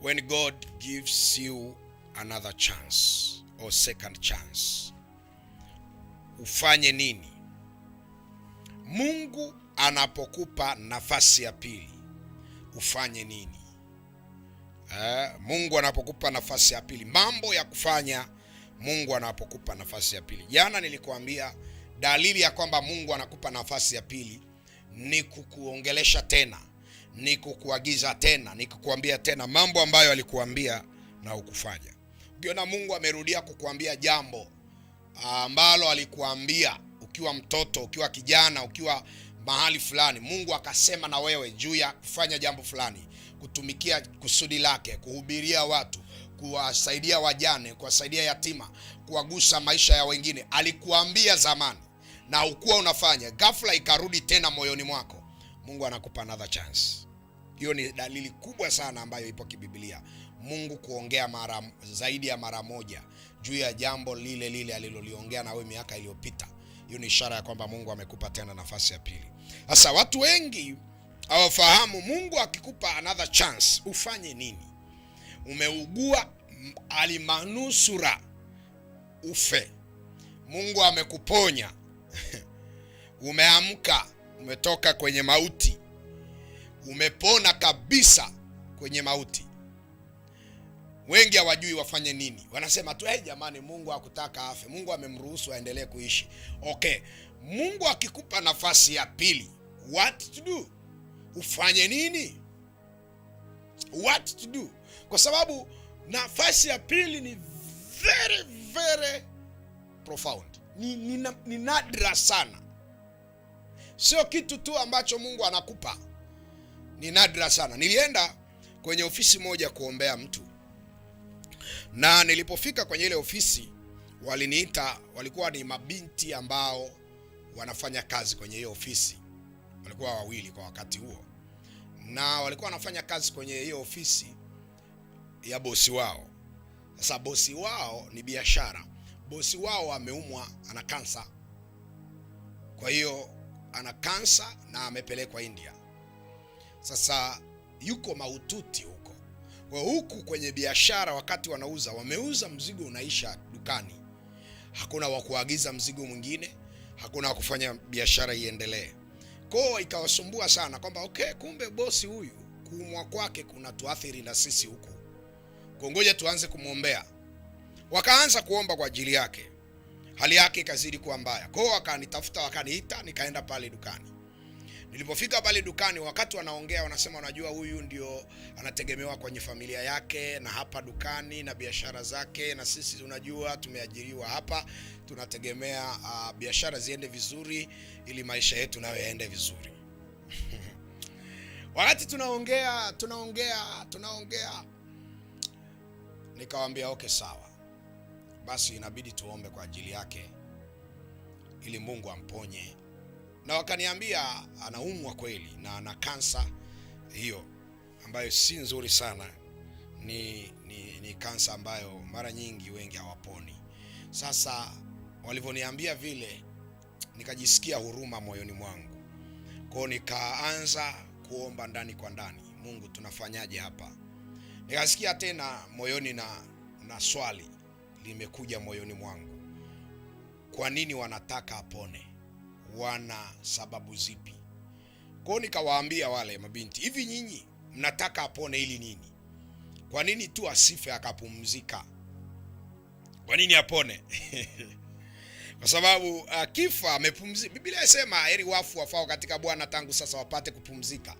when God gives you another chance or second chance, ufanye nini? Mungu anapokupa nafasi ya pili ufanye nini? Eh, Mungu anapokupa nafasi ya pili, mambo ya kufanya Mungu anapokupa nafasi ya pili. Jana nilikuambia dalili ya kwamba Mungu anakupa nafasi ya pili ni kukuongelesha tena ni kukuagiza tena, ni kukuambia tena mambo ambayo alikuambia na ukufanya. Ukiona Mungu amerudia kukuambia jambo ah, ambalo alikuambia ukiwa mtoto, ukiwa kijana, ukiwa mahali fulani, Mungu akasema na wewe juu ya kufanya jambo fulani, kutumikia kusudi lake, kuhubiria watu, kuwasaidia wajane, kuwasaidia yatima, kuwagusa maisha ya wengine, alikuambia zamani na ukuwa unafanya, ghafla ikarudi tena moyoni mwako, Mungu anakupa another chance. Hiyo ni dalili kubwa sana ambayo ipo kibiblia Mungu kuongea mara zaidi ya mara moja juu ya jambo lile lile aliloliongea na wewe miaka iliyopita. Hiyo ni ishara ya kwamba Mungu amekupa tena nafasi ya pili. Sasa watu wengi hawafahamu, Mungu akikupa another chance ufanye nini? Umeugua alimanusura ufe, Mungu amekuponya umeamka, umetoka kwenye mauti umepona kabisa kwenye mauti. Wengi hawajui wafanye nini, wanasema tu hey, eh, jamani, Mungu akutaka afe, Mungu amemruhusu aendelee kuishi. Okay, Mungu akikupa nafasi ya pili, what to do? Ufanye nini? What to do? Kwa sababu nafasi ya pili ni very very profound, ni, ni, ni nadra sana, sio kitu tu ambacho Mungu anakupa ni nadra sana. Nilienda kwenye ofisi moja kuombea mtu, na nilipofika kwenye ile ofisi waliniita. Walikuwa ni mabinti ambao wanafanya kazi kwenye hiyo ofisi, walikuwa wawili kwa wakati huo, na walikuwa wanafanya kazi kwenye hiyo ofisi ya bosi wao. Sasa bosi wao ni biashara, bosi wao ameumwa, ana kansa, kwa hiyo ana kansa na amepelekwa India sasa yuko maututi huko. Kwa huku kwenye biashara, wakati wanauza, wameuza mzigo unaisha dukani, hakuna wa kuagiza mzigo mwingine, hakuna wa kufanya biashara iendelee. Kwao ikawasumbua sana kwamba okay, kumbe bosi huyu kuumwa kwake kuna tuathiri na sisi huku, kongoja tuanze kumwombea. Wakaanza kuomba kwa ajili yake, hali yake ikazidi kuwa mbaya. Kwao wakanitafuta, wakaniita, nikaenda pale dukani Nilipofika pale dukani, wakati wanaongea wanasema, unajua huyu ndio anategemewa kwenye familia yake na hapa dukani na biashara zake, na sisi unajua tumeajiriwa hapa, tunategemea uh, biashara ziende vizuri ili maisha yetu nayo yaende vizuri. Wakati tunaongea tunaongea tunaongea, nikawaambia okay, sawa basi, inabidi tuombe kwa ajili yake ili Mungu amponye na wakaniambia anaumwa kweli na ana kansa hiyo ambayo si nzuri sana. Ni, ni, ni kansa ambayo mara nyingi wengi hawaponi. Sasa walivyoniambia vile, nikajisikia huruma moyoni mwangu kwao, nikaanza kuomba ndani kwa ndani, Mungu tunafanyaje hapa? Nikasikia tena moyoni na, na swali limekuja moyoni mwangu, kwa nini wanataka apone? wana sababu zipi? Kwa hiyo nikawaambia wale mabinti, hivi nyinyi mnataka apone ili nini? Kwa nini tu asife akapumzika? Kwa nini apone? Kwa sababu akifa ah, amepumzika. Biblia inasema heri wafu wafao katika Bwana tangu sasa wapate kupumzika.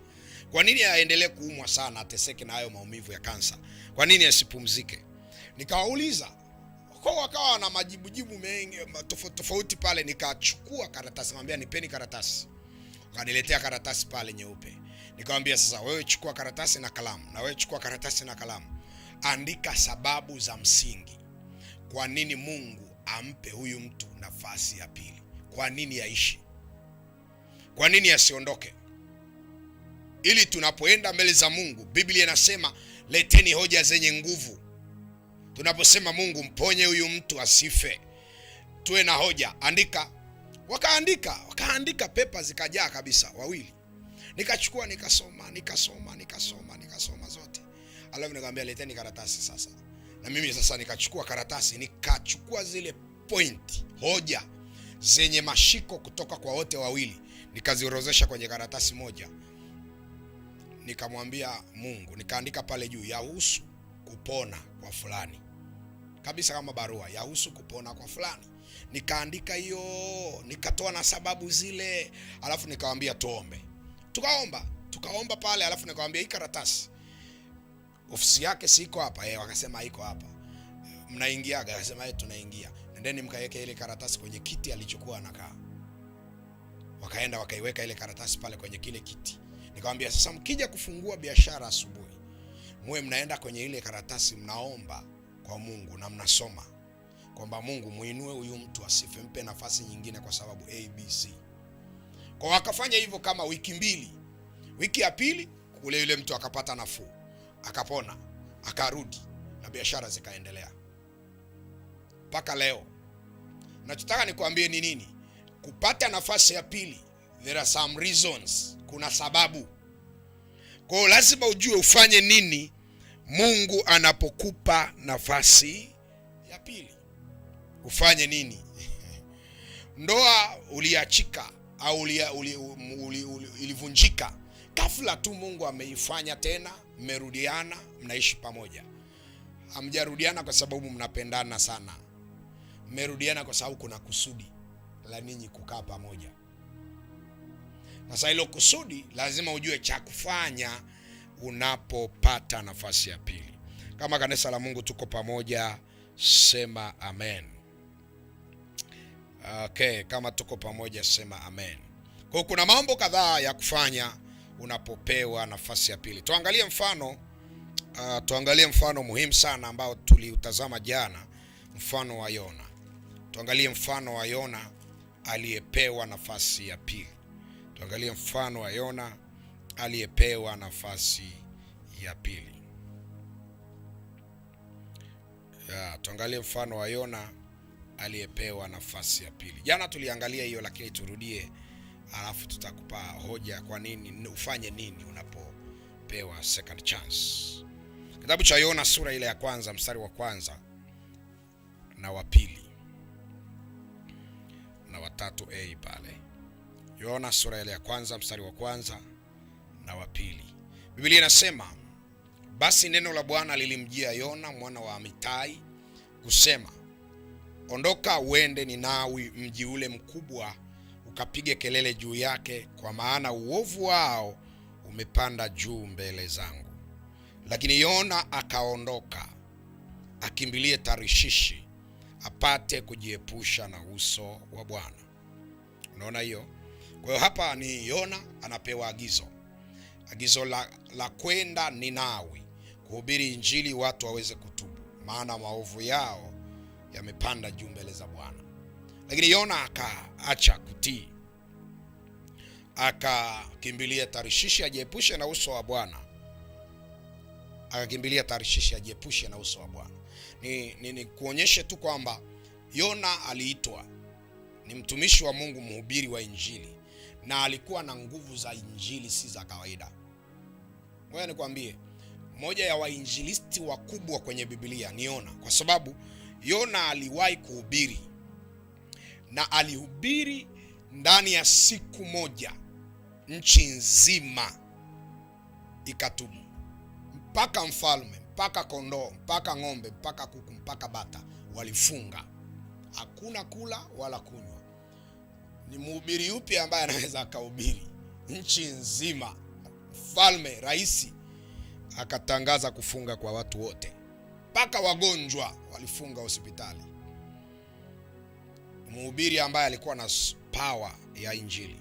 Kwa nini aendelee kuumwa sana, ateseke na hayo maumivu ya kansa? Kwa nini asipumzike? Nikawauliza kwa wakawa na majibujibu mengi tofauti pale, nikachukua karatasi, nikamwambia nipeni karatasi, akaniletea karatasi pale nyeupe, nikamwambia sasa, wewe chukua karatasi na kalamu, na wewe chukua karatasi na kalamu, andika sababu za msingi kwa nini Mungu ampe huyu mtu nafasi ya pili, kwa nini yaishi kwa nini asiondoke, ili tunapoenda mbele za Mungu. Biblia inasema leteni hoja zenye nguvu Tunaposema Mungu mponye huyu mtu asife, tuwe na hoja, andika. Wakaandika, wakaandika, pepa zikajaa kabisa, wawili. Nikachukua nikasoma, nikasoma, nikasoma, nikasoma zote, alafu nikamwambia leteni karatasi sasa. Na mimi sasa nikachukua karatasi, nikachukua zile point, hoja zenye mashiko kutoka kwa wote wawili, nikaziorozesha kwenye karatasi moja, nikamwambia Mungu, nikaandika pale juu, yahusu kupona kwa fulani kabisa kama barua yahusu kupona kwa fulani. Nikaandika hiyo, nikatoa na sababu zile, alafu nikawaambia tuombe. Tukaomba, tukaomba pale, alafu nikawaambia hii karatasi ofisi yake siko hapa eh? Wakasema iko hapa. Mnaingiaga? Wakasema eh, tunaingia. Nendeni mkaweke ile karatasi kwenye kiti alichokuwa anakaa. Wakaenda wakaiweka ile karatasi pale kwenye kile kiti. Nikamwambia sasa, mkija kufungua biashara asubuhi, muwe mnaenda kwenye ile karatasi mnaomba kwa Mungu na mnasoma kwamba Mungu muinue huyu mtu asife, mpe nafasi nyingine kwa sababu abc. Kwa wakafanya hivyo kama wiki mbili, wiki ya pili kule yule mtu akapata nafuu, akapona, akarudi na biashara zikaendelea mpaka leo. Nachotaka kuambie ni nini? Kupata nafasi ya pili, there are some reasons, kuna sababu. Kwa hiyo lazima ujue ufanye nini Mungu anapokupa nafasi ya pili ufanye nini? Ndoa uliachika au ilivunjika ghafla tu, Mungu ameifanya tena, mmerudiana, mnaishi pamoja. Hamjarudiana kwa sababu mnapendana sana, mmerudiana kwa sababu kuna kusudi la ninyi kukaa pamoja. Sasa hilo kusudi lazima ujue cha kufanya unapopata nafasi ya pili. Kama kanisa la Mungu tuko pamoja, sema amen. Okay, kama tuko pamoja sema amen. Kwa kuna mambo kadhaa ya kufanya unapopewa nafasi ya pili. Tuangalie mfano uh, tuangalie mfano muhimu sana ambao tuliutazama jana, mfano wa Yona. Tuangalie mfano wa Yona aliyepewa nafasi ya pili. Tuangalie mfano wa Yona aliyepewa nafasi ya pili. Ya, tuangalie mfano wa Yona aliyepewa nafasi ya pili. Jana tuliangalia hiyo, lakini turudie, alafu tutakupa hoja kwa nini ufanye nini unapopewa second chance. Kitabu cha Yona sura ile ya kwanza mstari wa kwanza na wa pili na tatu a pale. Yona sura ile ya kwanza mstari wa kwanza na wa pili. Biblia inasema basi neno la Bwana lilimjia Yona mwana wa Amitai kusema, ondoka uende Ninawi, mji ule mkubwa, ukapige kelele juu yake, kwa maana uovu wao umepanda juu mbele zangu. Lakini Yona akaondoka akimbilie Tarishishi, apate kujiepusha na uso wa Bwana. Unaona hiyo? Kwa hiyo hapa ni Yona anapewa agizo Agizo la, la kwenda Ninawi kuhubiri Injili watu waweze kutubu, maana maovu yao yamepanda juu mbele za Bwana. Lakini Yona akaacha kutii, akakimbilia tarishishi ajiepushe na uso wa Bwana, akakimbilia tarishishi ajiepushe na uso wa Bwana. Ni, ni, ni kuonyeshe tu kwamba Yona aliitwa, ni mtumishi wa Mungu, mhubiri wa Injili na alikuwa na nguvu za injili si za kawaida. Ngoja nikwambie, moja ya wainjilisti wakubwa kwenye Biblia ni Yona, kwa sababu Yona aliwahi kuhubiri na alihubiri ndani ya siku moja, nchi nzima ikatubu, mpaka mfalme, mpaka kondoo, mpaka ng'ombe, mpaka kuku, mpaka bata walifunga, hakuna kula wala kunywa. Ni mhubiri yupi ambaye anaweza akahubiri nchi nzima, mfalme, rais akatangaza kufunga kwa watu wote, mpaka wagonjwa walifunga hospitali? Mhubiri ambaye alikuwa na power ya Injili.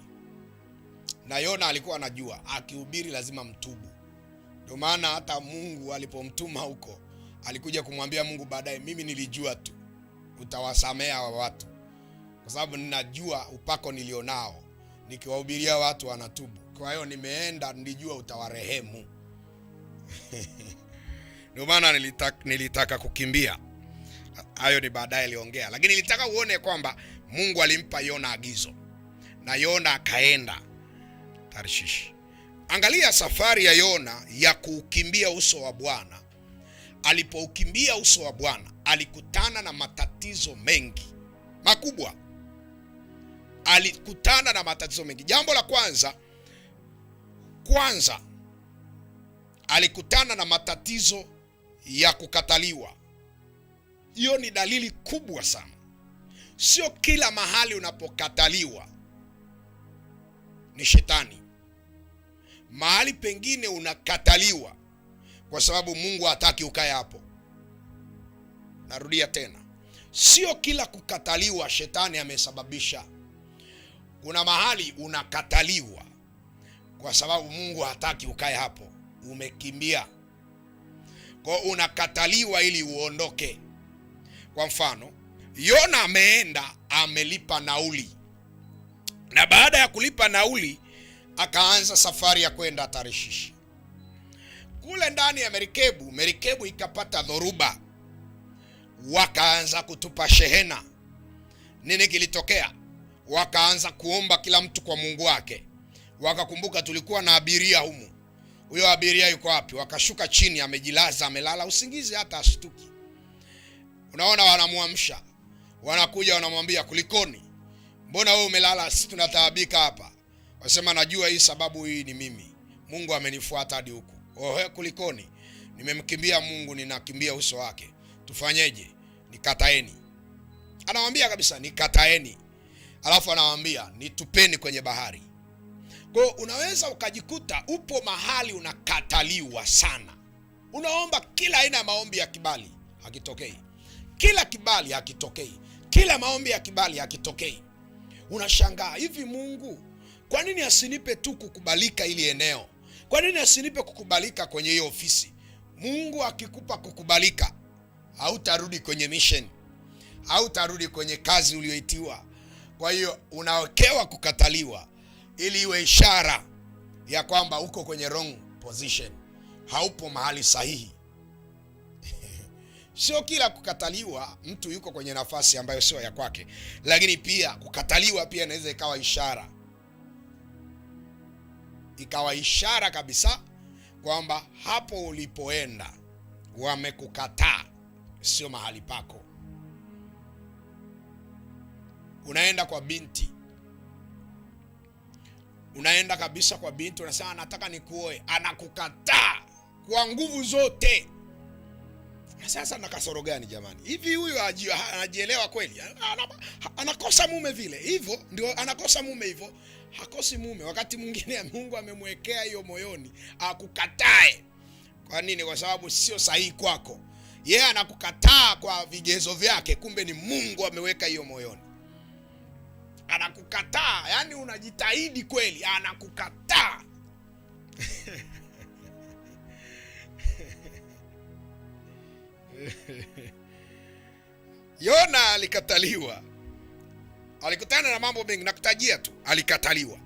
Na Yona alikuwa anajua akihubiri lazima mtubu. Ndio maana hata Mungu alipomtuma huko alikuja kumwambia Mungu baadaye, mimi nilijua tu utawasamea wa watu kwa sababu ninajua upako nilionao, nikiwahubiria watu wanatubu. Kwa hiyo nimeenda, nilijua utawarehemu ndio maana nilitaka, nilitaka kukimbia. Hayo ni baadaye aliongea, lakini nilitaka uone kwamba Mungu alimpa Yona agizo na Yona akaenda Tarshishi. Angalia safari ya Yona ya kuukimbia uso wa Bwana. Alipoukimbia uso wa Bwana alikutana na matatizo mengi makubwa alikutana na matatizo mengi. Jambo la kwanza kwanza, alikutana na matatizo ya kukataliwa. Hiyo ni dalili kubwa sana. Sio kila mahali unapokataliwa ni shetani. Mahali pengine unakataliwa kwa sababu Mungu hataki ukae hapo. Narudia tena, sio kila kukataliwa shetani amesababisha kuna mahali unakataliwa kwa sababu Mungu hataki ukae hapo, umekimbia kwa unakataliwa ili uondoke. Kwa mfano, Yona ameenda amelipa nauli, na baada ya kulipa nauli akaanza safari ya kwenda Tarishishi. Kule ndani ya merikebu, merikebu ikapata dhoruba, wakaanza kutupa shehena. Nini kilitokea? wakaanza kuomba kila mtu kwa Mungu wake. Wakakumbuka tulikuwa na abiria humu, huyo abiria yuko wapi? Wakashuka chini, amejilaza, amelala usingizi, hata ashtuki. Unaona, wanamwamsha, wanakuja, wanamwambia kulikoni, mbona wewe umelala? Sisi tunataabika hapa. Wasema najua hii, sababu hii ni mimi, Mungu amenifuata hadi huku. Ohe, kulikoni? Nimemkimbia Mungu, ninakimbia uso wake, tufanyeje? Nikataeni, anawambia kabisa, nikataeni alafu anawaambia nitupeni kwenye bahari. Kwa hiyo unaweza ukajikuta upo mahali unakataliwa sana, unaomba kila aina ya maombi ya kibali hakitokei, kila kibali hakitokei, kila maombi ya kibali hakitokei. Unashangaa, hivi Mungu kwa nini asinipe tu kukubalika ili eneo? Kwa nini asinipe kukubalika kwenye hiyo ofisi? Mungu akikupa kukubalika, hautarudi kwenye mission, hautarudi kwenye kazi uliyoitiwa kwa hiyo unawekewa kukataliwa ili iwe ishara ya kwamba uko kwenye wrong position, haupo mahali sahihi. Sio kila kukataliwa mtu yuko kwenye nafasi ambayo sio ya kwake, lakini pia kukataliwa pia inaweza ikawa ishara, ikawa ishara kabisa kwamba hapo ulipoenda wamekukataa, sio mahali pako unaenda kwa binti, unaenda kabisa kwa binti, unasema nataka nikuoe, anakukataa kwa nguvu zote. Sasa na kasoro gani jamani? Hivi huyu anajielewa kweli? Anakosa mume vile hivyo, ndio anakosa mume hivyo, hakosi mume. Wakati mwingine Mungu amemwekea hiyo moyoni, akukatae. Kwa nini? Kwa sababu sio sahihi kwako. Yeye anakukataa kwa vigezo vyake, kumbe ni Mungu ameweka hiyo moyoni anakukataa, yani unajitahidi kweli, anakukataa Yona alikataliwa, alikutana na mambo mengi, nakutajia tu, alikataliwa.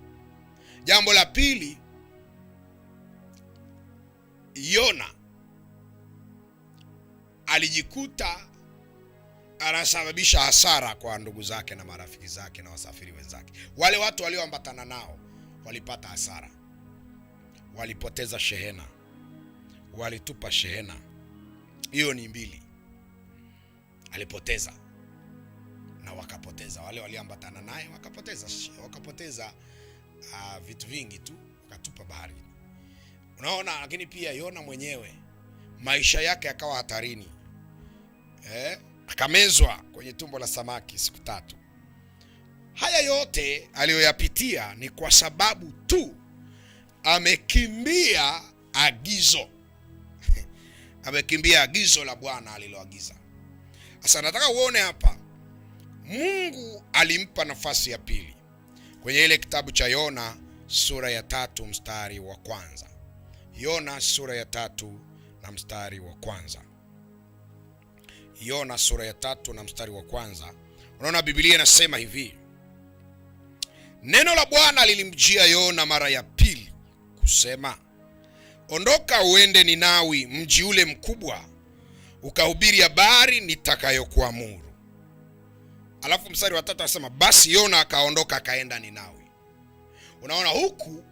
Jambo la pili, Yona alijikuta anasababisha hasara kwa ndugu zake na marafiki zake na wasafiri wenzake. Wale watu walioambatana nao walipata hasara, walipoteza shehena, walitupa shehena. Hiyo ni mbili, alipoteza na wakapoteza wale walioambatana naye, wakapoteza wakapoteza uh, vitu vingi tu, wakatupa bahari. Unaona, lakini pia Yona mwenyewe maisha yake yakawa hatarini eh? akamezwa kwenye tumbo la samaki siku tatu. Haya yote aliyoyapitia ni kwa sababu tu amekimbia agizo amekimbia agizo la Bwana aliloagiza. Sasa nataka uone hapa, Mungu alimpa nafasi ya pili kwenye ile kitabu cha Yona sura ya tatu mstari wa kwanza. Yona sura ya tatu na mstari wa kwanza. Yona sura ya tatu na mstari wa kwanza unaona Biblia inasema hivi, neno la Bwana lilimjia Yona mara ya pili kusema, ondoka uende Ninawi, mji ule mkubwa, ukahubiri habari nitakayokuamuru. Alafu mstari wa tatu anasema, basi Yona akaondoka akaenda Ninawi. Unaona huku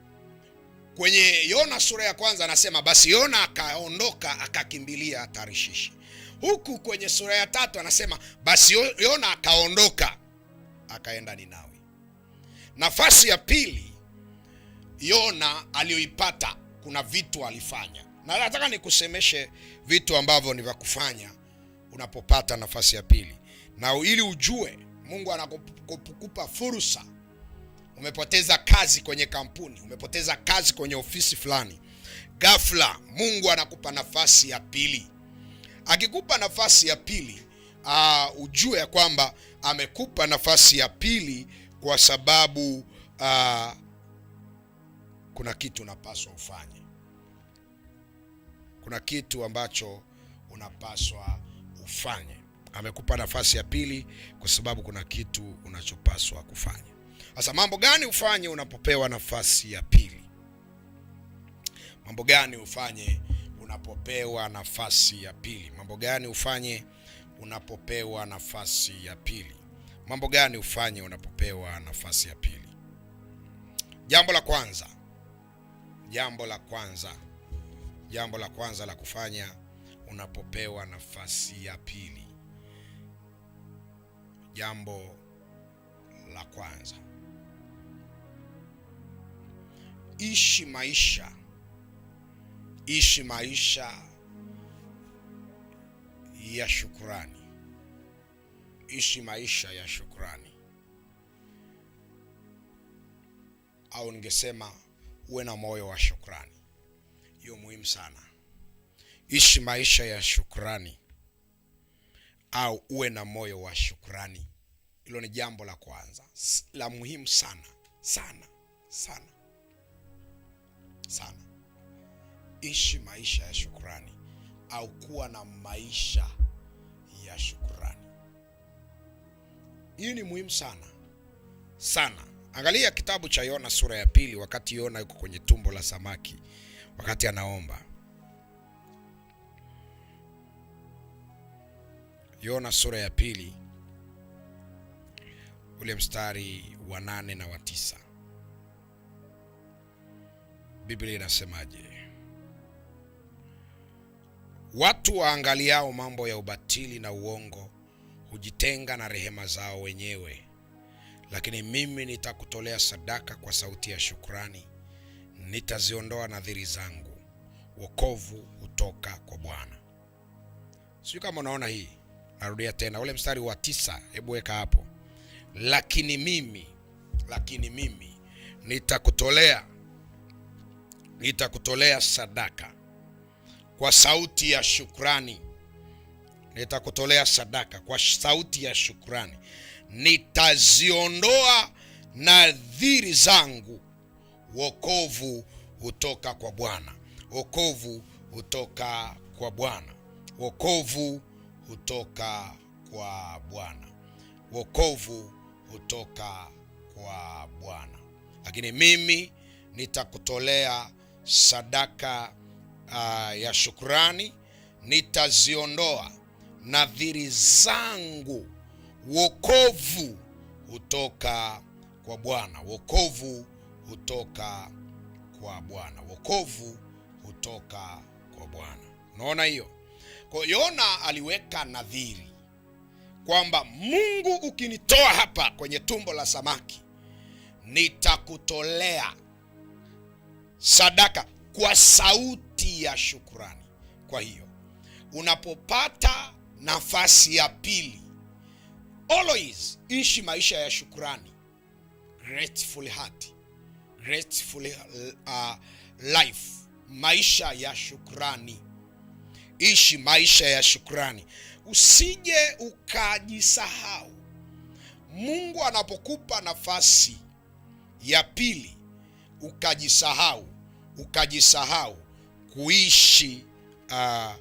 kwenye Yona sura ya kwanza anasema, basi Yona akaondoka akakimbilia Tarishishi huku kwenye sura ya tatu anasema basi Yona akaondoka akaenda Ninawi. Nafasi ya pili Yona aliyoipata, kuna vitu alifanya, na nataka nikusemeshe vitu ambavyo ni vya kufanya unapopata nafasi ya pili, na ili ujue Mungu anakupa fursa. Umepoteza kazi kwenye kampuni, umepoteza kazi kwenye ofisi fulani, ghafla Mungu anakupa nafasi ya pili. Akikupa nafasi ya pili, uh, ujue ya kwamba amekupa nafasi ya pili kwa sababu uh, kuna kitu unapaswa ufanye, kuna kitu ambacho unapaswa ufanye. Amekupa nafasi ya pili kwa sababu kuna kitu unachopaswa kufanya. Sasa mambo gani ufanye unapopewa nafasi ya pili? Mambo gani ufanye unapopewa nafasi ya pili? Mambo gani ufanye unapopewa nafasi ya pili? Mambo gani ufanye unapopewa nafasi ya pili? Jambo la kwanza, jambo la kwanza, jambo la kwanza la kufanya unapopewa nafasi ya pili, jambo la kwanza, ishi maisha ishi maisha ya shukrani, ishi maisha ya shukrani, au ningesema uwe na moyo wa shukrani. Hiyo muhimu sana, ishi maisha ya shukrani au uwe na moyo wa shukrani. Hilo ni jambo la kwanza la muhimu sana sana sana sana ishi maisha ya shukrani au kuwa na maisha ya shukrani. Hii ni muhimu sana sana. Angalia kitabu cha Yona sura ya pili, wakati Yona yuko kwenye tumbo la samaki, wakati anaomba. Yona sura ya pili ule mstari wa nane na wa tisa Biblia inasemaje? Watu waangaliao mambo ya ubatili na uongo hujitenga na rehema zao wenyewe, lakini mimi nitakutolea sadaka kwa sauti ya shukrani, nitaziondoa nadhiri zangu. Wokovu hutoka kwa Bwana. Sijui kama unaona hii. Narudia tena ule mstari wa tisa, hebu weka hapo. Lakini mimi, lakini mimi nitakutolea, nitakutolea sadaka kwa sauti ya shukrani nitakutolea sadaka kwa sauti ya shukrani. Nitaziondoa nadhiri zangu. Wokovu hutoka kwa Bwana, wokovu hutoka kwa Bwana, wokovu hutoka kwa Bwana, wokovu hutoka kwa Bwana. Lakini mimi nitakutolea sadaka Ah, ya shukrani, nitaziondoa nadhiri zangu. Wokovu hutoka kwa Bwana, wokovu hutoka kwa Bwana, wokovu hutoka kwa Bwana. Unaona hiyo? Kwa Yona aliweka nadhiri kwamba Mungu, ukinitoa hapa kwenye tumbo la samaki, nitakutolea sadaka kwa sauti kutia shukurani. Kwa hiyo unapopata nafasi ya pili, always ishi maisha ya shukurani, grateful heart, grateful uh, life, maisha ya shukurani. Ishi maisha ya shukurani, usije ukajisahau. Mungu anapokupa nafasi ya pili ukajisahau ukajisahau kuishi uh,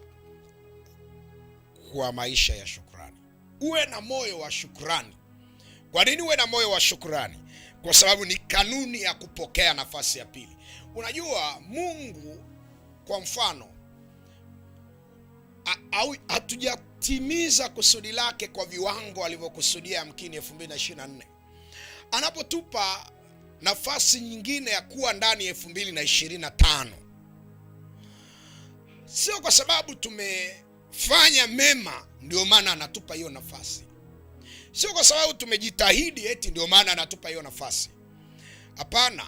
kwa maisha ya shukrani. Uwe na moyo wa shukrani. Kwa nini uwe na moyo wa shukrani? Kwa sababu ni kanuni ya kupokea nafasi ya pili. Unajua Mungu kwa mfano hatujatimiza kusudi lake kwa viwango alivyokusudia amkini 2024 anapotupa nafasi nyingine ya kuwa ndani ya 2025 Sio kwa sababu tumefanya mema ndio maana anatupa hiyo nafasi, sio kwa sababu tumejitahidi eti ndio maana anatupa hiyo nafasi. Hapana,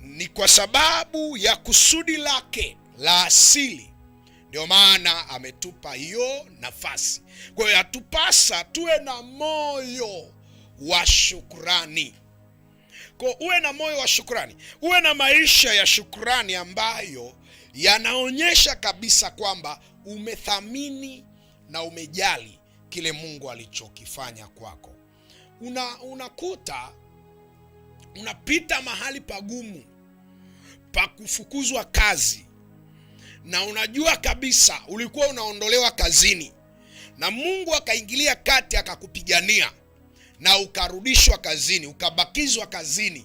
ni kwa sababu ya kusudi lake la asili ndio maana ametupa hiyo nafasi. Kwa hiyo yatupasa tuwe na moyo wa shukrani. Kwa uwe na moyo wa shukrani, uwe na maisha ya shukrani ambayo yanaonyesha kabisa kwamba umethamini na umejali kile Mungu alichokifanya kwako. Una, unakuta unapita mahali pagumu pa kufukuzwa kazi na unajua kabisa ulikuwa unaondolewa kazini na Mungu akaingilia kati akakupigania na ukarudishwa kazini ukabakizwa kazini,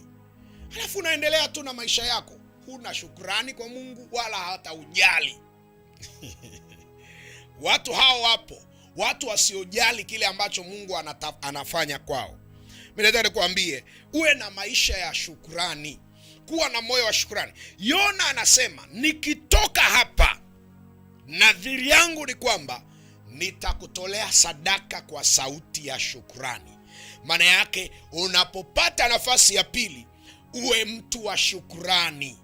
halafu unaendelea tu na maisha yako hakuna shukrani kwa Mungu wala hata ujali. Watu hao wapo, watu wasiojali kile ambacho Mungu anata, anafanya kwao. Mimi nataka nikuambie uwe na maisha ya shukrani, kuwa na moyo wa shukrani. Yona anasema nikitoka hapa, nadhiri yangu ni kwamba nitakutolea sadaka kwa sauti ya shukrani. Maana yake unapopata nafasi ya pili uwe mtu wa shukrani.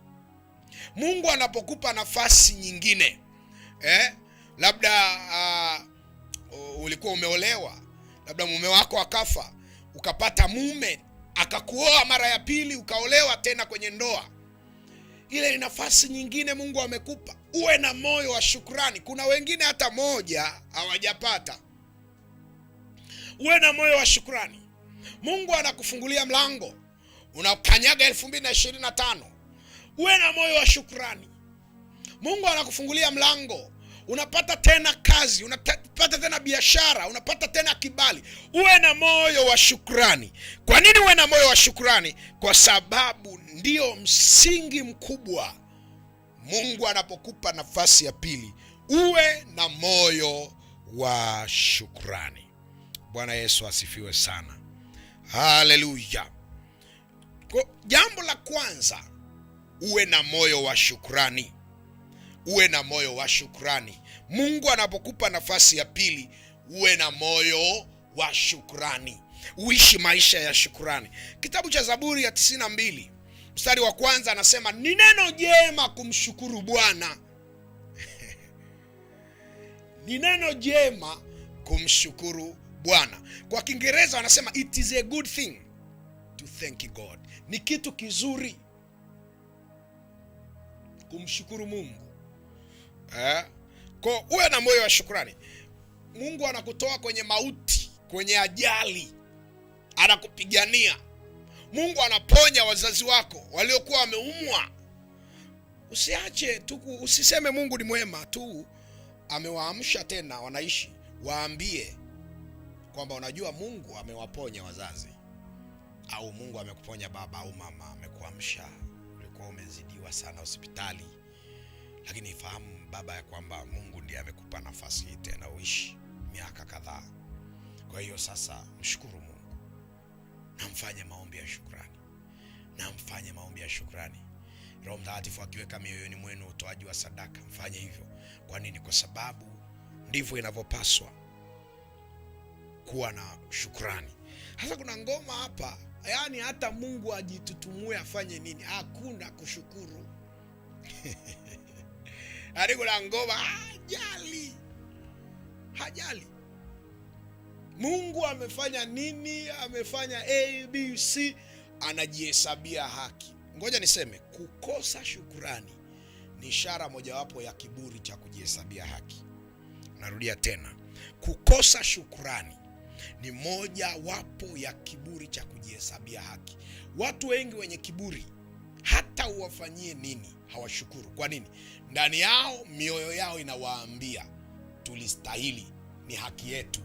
Mungu anapokupa nafasi nyingine eh, labda uh, ulikuwa umeolewa, labda mume wako akafa, ukapata mume akakuoa mara ya pili, ukaolewa tena kwenye ndoa ile ni nafasi nyingine Mungu amekupa, uwe na moyo wa shukrani. Kuna wengine hata moja hawajapata. Uwe na moyo wa shukrani. Mungu anakufungulia mlango, unakanyaga 2025 uwe na moyo wa shukrani. Mungu anakufungulia mlango, unapata tena kazi, unapata tena biashara, unapata tena kibali. Uwe na moyo wa shukrani. Kwa nini uwe na moyo wa shukrani? Kwa sababu ndio msingi mkubwa. Mungu anapokupa nafasi ya pili, uwe na moyo wa shukrani. Bwana Yesu asifiwe sana, haleluya. Jambo la kwanza uwe na moyo wa shukrani, uwe na moyo wa shukrani. Mungu anapokupa nafasi ya pili, uwe na moyo wa shukrani, uishi maisha ya shukrani. Kitabu cha Zaburi ya 92 mstari wa kwanza anasema ni neno jema kumshukuru Bwana ni neno jema kumshukuru Bwana. Kwa Kiingereza wanasema it is a good thing to thank God, ni kitu kizuri kumshukuru Mungu eh? Kwa uwe na moyo wa shukrani. Mungu anakutoa kwenye mauti, kwenye ajali, anakupigania. Mungu anaponya wazazi wako waliokuwa wameumwa. Usiache tu, usiseme Mungu ni mwema tu, amewaamsha tena wanaishi. Waambie kwamba unajua Mungu amewaponya wazazi, au Mungu amekuponya baba au mama, amekuamsha utakuwa umezidiwa sana hospitali, lakini ifahamu baba ya kwamba Mungu ndiye amekupa nafasi hii tena uishi miaka kadhaa. Kwa hiyo sasa mshukuru Mungu na mfanye maombi ya shukrani, na mfanye maombi ya shukrani. Roho Mtakatifu akiweka mioyoni mwenu utoaji wa sadaka, mfanye hivyo. Kwa nini? Kwa sababu ndivyo inavyopaswa kuwa na shukrani. hasa kuna ngoma hapa yani hata Mungu ajitutumue afanye nini, hakuna kushukuru arikula ngoma hajali, hajali Mungu amefanya nini, amefanya A, B, C, anajihesabia haki. Ngoja niseme kukosa shukurani ni ishara mojawapo ya kiburi cha kujihesabia haki. Narudia tena, kukosa shukurani ni moja wapo ya kiburi cha kujihesabia haki. Watu wengi wenye kiburi hata uwafanyie nini hawashukuru. Kwa nini? Ndani yao mioyo yao inawaambia tulistahili, ni haki yetu,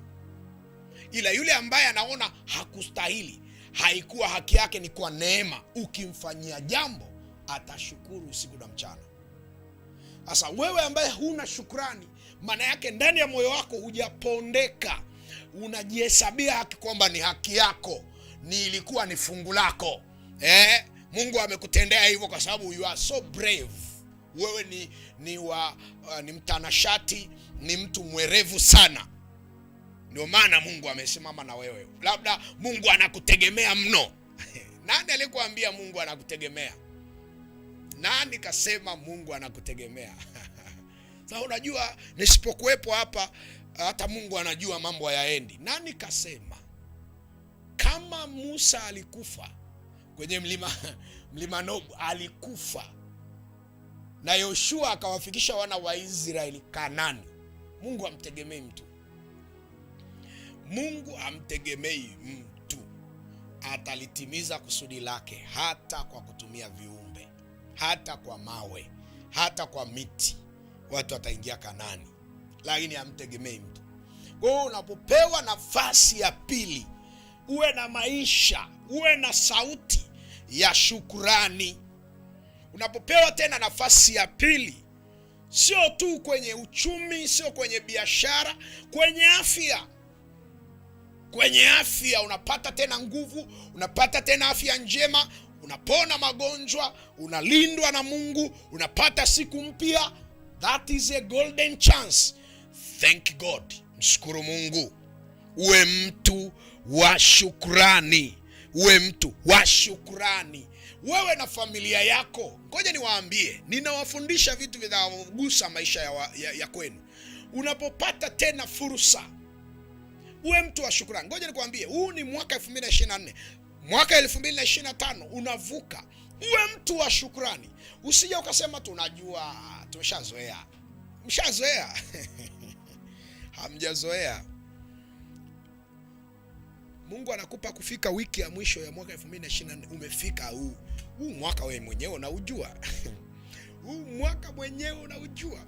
ila yule ambaye anaona hakustahili, haikuwa haki yake, ni kwa neema, ukimfanyia jambo atashukuru usiku na mchana. Sasa wewe ambaye huna shukrani, maana yake ndani ya moyo wako hujapondeka unajihesabia haki kwamba ni haki yako, ni ilikuwa ni fungu lako eh? Mungu amekutendea hivyo kwa sababu you are so brave. Wewe ni ni wa uh, ni mtanashati, ni mtu mwerevu sana, ndio maana Mungu amesimama na wewe. Labda Mungu anakutegemea mno. Nani alikuambia Mungu anakutegemea? Nani kasema Mungu anakutegemea? Sasa unajua nisipokuwepo hapa hata Mungu anajua mambo hayaendi. nani kasema kama Musa alikufa kwenye mlima mlima Nobu, alikufa na Yoshua akawafikisha wana wa Israeli Kanani, Mungu amtegemei mtu Mungu amtegemei mtu, atalitimiza kusudi lake, hata kwa kutumia viumbe, hata kwa mawe, hata kwa miti, watu wataingia Kanani lakini hamtegemei mtu. Kwa hiyo unapopewa nafasi ya pili, uwe na maisha, uwe na sauti ya shukurani. Unapopewa tena nafasi ya pili, sio tu kwenye uchumi, sio kwenye biashara, kwenye afya kwenye afya unapata tena nguvu, unapata tena afya njema, unapona magonjwa, unalindwa na Mungu, unapata siku mpya. That is a golden chance. Thank God, mshukuru Mungu. Uwe mtu wa shukrani, uwe mtu wa shukrani. Wewe na familia yako, ngoja niwaambie, ninawafundisha vitu vinavyogusa maisha ya, wa, ya, ya kwenu. Unapopata tena fursa, uwe mtu wa shukrani. Ngoja nikuambie huu ni mwaka 2024 mwaka 2025 unavuka, uwe mtu wa shukrani. Usije ukasema tunajua, tumeshazoea. Mshazoea hamjazoea. Mungu anakupa kufika wiki ya mwisho ya mwaka 2024 umefika huu. Huu mwaka wewe mwenyewe unaujua. Huu mwaka mwenyewe unaujua.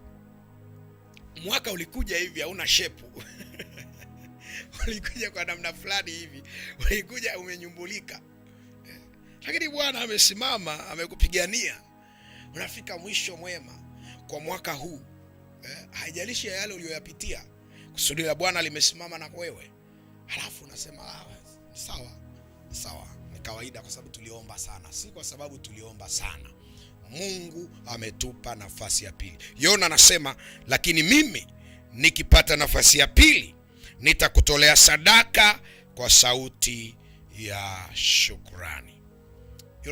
Mwaka ulikuja hivi hauna shepu. Ulikuja kwa namna fulani hivi. Ulikuja umenyumbulika. Lakini Bwana amesimama, amekupigania. Unafika mwisho mwema kwa mwaka huu. Eh, haijalishi ya yale uliyoyapitia. Kusudi la Bwana limesimama na wewe, halafu unasema ah, sawa sawa, ni kawaida, kwa sababu tuliomba sana. Si kwa sababu tuliomba sana, Mungu ametupa nafasi ya pili. Yona anasema lakini mimi nikipata nafasi ya pili nitakutolea sadaka kwa sauti ya shukrani.